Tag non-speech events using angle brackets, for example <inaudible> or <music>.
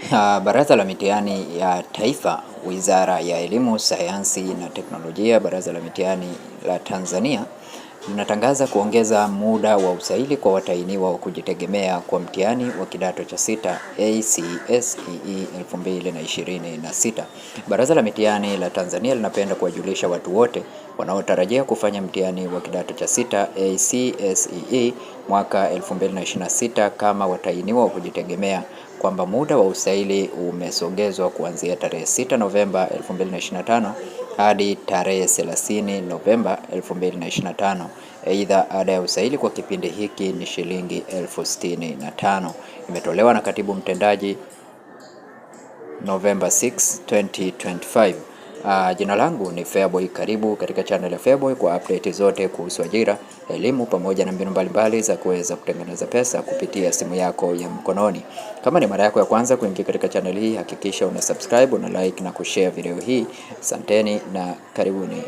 <laughs> Ah, Baraza la Mitihani ya Taifa, Wizara ya Elimu, Sayansi na Teknolojia, Baraza la Mitihani la Tanzania linatangaza kuongeza muda wa usaili kwa watahiniwa wa kujitegemea kwa mtihani wa kidato cha sita ACSEE 2026. E Baraza la Mitihani la Tanzania linapenda kuwajulisha watu wote wanaotarajia kufanya mtihani wa kidato cha sita ACSEE e, mwaka 2026 kama watahiniwa wa kujitegemea kwamba muda wa usaili umesogezwa kuanzia tarehe 6 Novemba 2025 hadi tarehe 30 Novemba 2025. Aidha, ada ya usaili kwa kipindi hiki ni shilingi elfu sitini na tano. Imetolewa na katibu mtendaji Novemba 6, 2025. Uh, jina langu ni Feaboy, karibu katika channel ya Feaboy kwa update zote kuhusu ajira, elimu pamoja na mbinu mbalimbali za kuweza kutengeneza pesa kupitia simu yako ya mkononi. Kama ni mara yako ya kwanza kuingia katika channel hii, hakikisha una subscribe, una like na kushare video hii. Asanteni na karibuni.